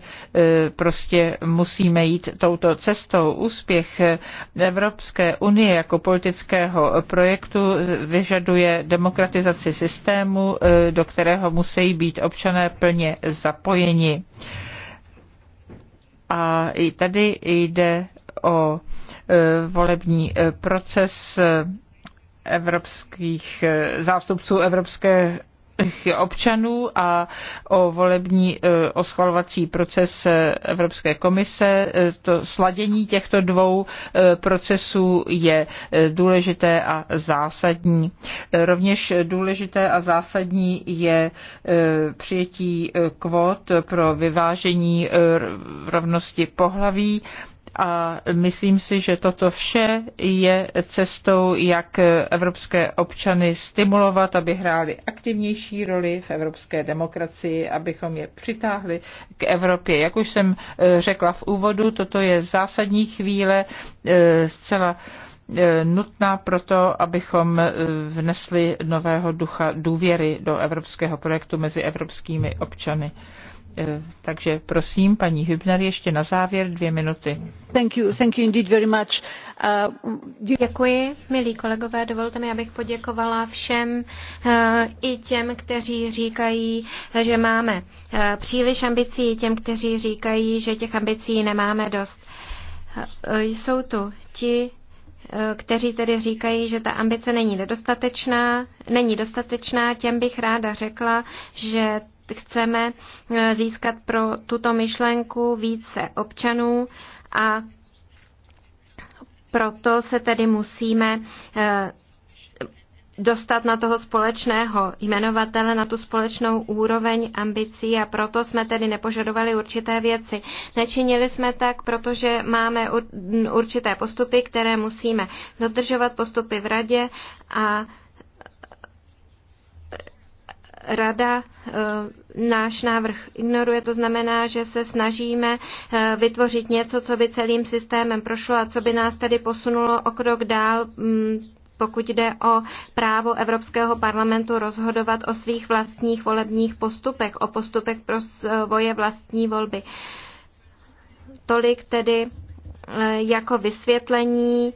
prostě musíme jít touto cestou. Úspěch Evropské unie jako politického projektu vyžaduje demokratizaci systému, eh, do kterého musí být občané plně zapojeni. A i tady jde o eh, volební eh, proces evropských zástupců Evropské občanů a o volební e, o schvalovací proces e, Evropské komise. E, to sladění těchto dvou procesů je důležité a zásadní. Rovněž důležité a zásadní je přijetí kvot pro vyvážení rovnosti pohlaví a myslím si, že toto vše je cestou, jak evropské občany stimulovat, aby hráli aktivnější roli v evropské demokracii, abychom je přitáhli k Evropě. Jak už jsem eh, řekla v úvodu, toto je zásadní chvíle eh, zcela eh, nutná proto, abychom vnesli nového ducha důvěry do evropského projektu mezi evropskými občany. Eh, takže prosím, paní Hübner, ještě na závěr dvě minuty. Thank you, thank you indeed very much. Uh, you... Děkuji, milí kolegové. Dovolte mi, abych poděkovala všem uh, i těm, kteří říkají, že máme uh, příliš ambicí, i těm, kteří říkají, že těch ambicí nemáme dost. Uh, jsou tu ti, kteří tedy říkají, že ta ambice není nedostatečná, není dostatečná, těm bych ráda řekla, že chceme eh, získat pro tuto myšlenku více občanů a proto se tedy musíme eh, dostat na toho společného jmenovatele, na tu společnou úroveň ambicí a proto jsme tedy nepožadovali určité věci. Nečinili jsme tak, protože máme určité postupy, které musíme dodržovat, postupy v radě a rada eh, náš návrh ignoruje. To znamená, že se snažíme eh, vytvořit něco, co by celým systémem prošlo a co by nás tedy posunulo o krok dál mm, pokud jde o právo Evropského parlamentu rozhodovat o svých vlastních volebních postupech, o postupech pro svoje vlastní volby. Tolik tedy eh, jako vysvětlení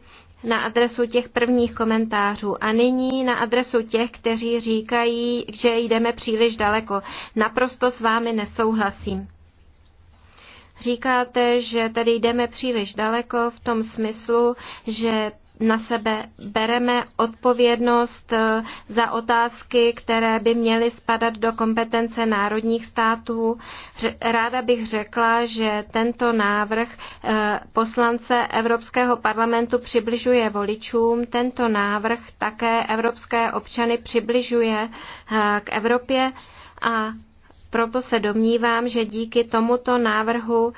na adresu těch prvních komentářů a nyní na adresu těch, kteří říkají, že jdeme příliš daleko. Naprosto s vámi nesouhlasím. Říkáte, že tady jdeme příliš daleko v tom smyslu, že na sebe bereme odpovědnost eh, za otázky, které by měly spadat do kompetence národních států. Ráda bych řekla, že tento návrh eh, poslance Evropského parlamentu přibližuje voličům, tento návrh také evropské občany přibližuje eh, k Evropě a proto se domnívám, že díky tomuto návrhu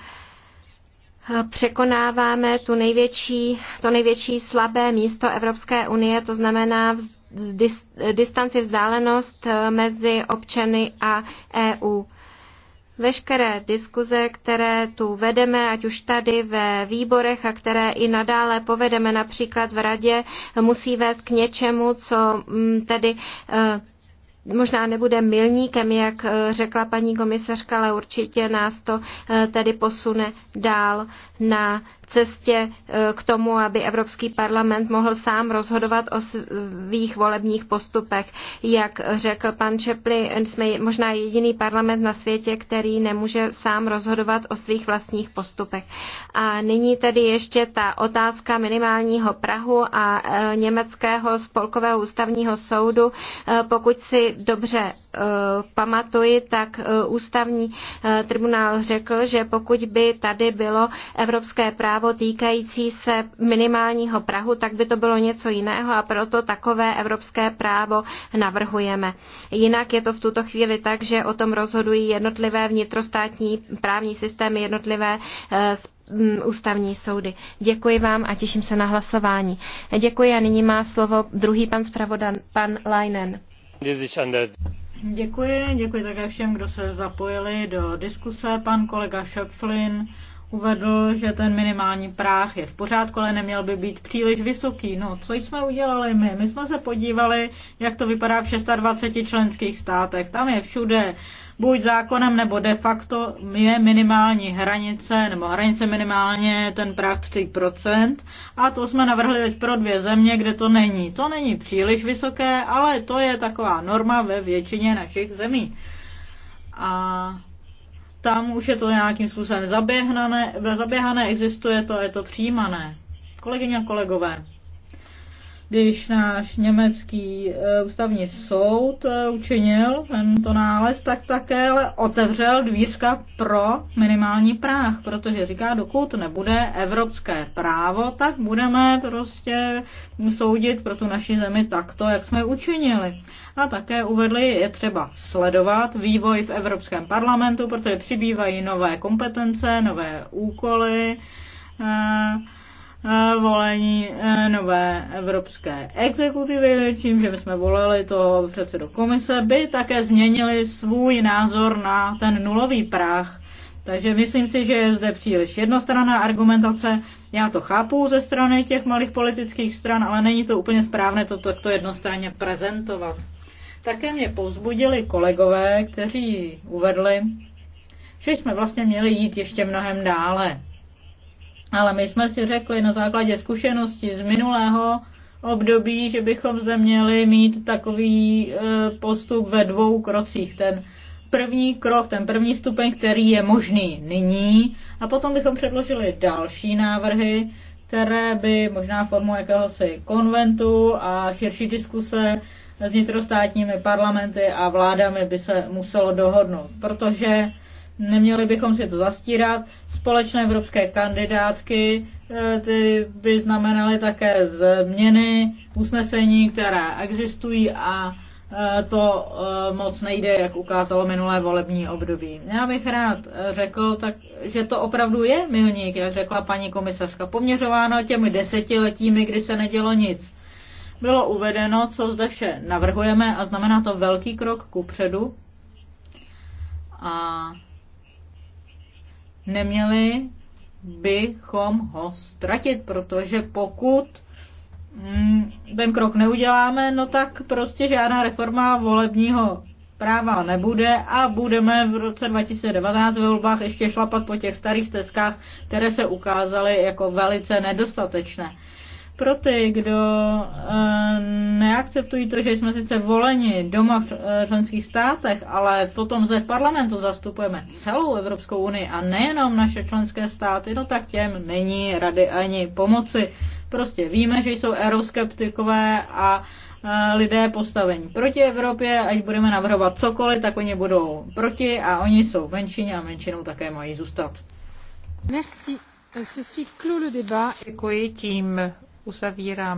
překonáváme tu největší, to největší slabé místo Evropské unie, to znamená distanci vzdálenost eh, mezi občany a EU. Veškeré diskuze, které tu vedeme, ať už tady ve výborech a které i nadále povedeme například v radě, musí vést k něčemu, co mm, tedy eh, možná nebude milníkem, jak eh, řekla paní komisařka, ale určitě nás to eh, tedy posune dál na cestě eh, k tomu, aby Evropský parlament mohl sám rozhodovat o svých volebních postupech. Jak řekl pan Čepli, jsme možná jediný parlament na světě, který nemůže sám rozhodovat o svých vlastních postupech. A nyní tedy ještě ta otázka minimálního Prahu a německého spolkového ústavního soudu. Pokud si dobře eh, pamatuji, tak eh, ústavní eh, tribunál řekl, že pokud by tady bylo evropské právo týkající se minimálního Prahu, tak by to bylo něco jiného a proto takové evropské právo navrhujeme. Jinak je to v tuto chvíli tak, že o tom rozhodují jednotlivé vnitrostátní právní systémy, jednotlivé mm, ústavní soudy. Děkuji vám a těším se na hlasování. Děkuji a nyní má slovo druhý pan zpravodan, pan Leinen. Děkuji, děkuji také všem, kdo se zapojili do diskuse. Pan kolega Schöpflin uvedl, že ten minimální práh je v pořádku, ale neměl by být příliš vysoký. No, co jsme udělali my? My jsme se podívali, jak to vypadá v 26 členských státech. Tam je všude buď zákonem nebo de facto je minimální hranice, nebo hranice minimálně ten práh 3%. A to jsme navrhli teď pro dvě země, kde to není. To není příliš vysoké, ale to je taková norma ve většině našich zemí. A tam už je to nějakým způsobem zaběhané, zaběhané existuje to, je to přijímané. Kolegyně a kolegové, když náš německý eh, ústavní soud eh, učinil tento nález, tak také otevřel dvířka pro minimální práh, protože říká, dokud nebude evropské právo, tak budeme prostě soudit pro tu naši zemi takto, jak jsme učinili. A také uvedli, je třeba sledovat vývoj v Evropském parlamentu, protože přibývají nové kompetence, nové úkoly. Uh, Eh, volení eh, nové evropské exekutivy, tím, že bychom volili toho předsedu komise, by také změnili svůj názor na ten nulový práh. Takže myslím si, že je zde příliš jednostranná argumentace. Já to chápu ze strany těch malých politických stran, ale není to úplně správné to takto jednostranně prezentovat. Také mě povzbudili kolegové, kteří uvedli, že jsme vlastně měli jít ještě mnohem dále ale my jsme si řekli na základě zkušenosti z minulého období, že bychom zde měli mít takový e, postup ve dvou krocích. Ten první krok, ten první stupeň, který je možný nyní, a potom bychom předložili další návrhy, které by možná formou jakéhosi konventu a širší diskuse s vnitrostátními parlamenty a vládami by se muselo dohodnout, protože Neměli bychom si to zastírat. Společné evropské kandidátky e, ty by znamenaly také změny usnesení, které existují a e, to e, moc nejde, jak ukázalo minulé volební období. Já bych rád řekl, tak, že to opravdu je milník, jak řekla paní komisařka, poměřováno těmi desetiletími, kdy se nedělo nic. Bylo uvedeno, co zde vše navrhujeme a znamená to velký krok ku předu. A Neměli bychom ho ztratit, protože pokud mm, ten krok neuděláme, no tak prostě žádná reforma volebního práva nebude a budeme v roce 2019 ve volbách ještě šlapat po těch starých stezkách, které se ukázaly jako velice nedostatečné pro ty, kdo eh, neakceptují to, že jsme sice voleni doma eh, v členských státech, ale potom zde v parlamentu zastupujeme celou Evropskou unii a nejenom naše členské státy, no tak těm není rady ani pomoci. Prostě víme, že jsou euroskeptikové a eh, lidé postavení proti Evropě, až budeme navrhovat cokoliv, tak oni budou proti a oni jsou v menšině a menšinou také mají zůstat. Merci. Euh, Děkuji tím Uzavírám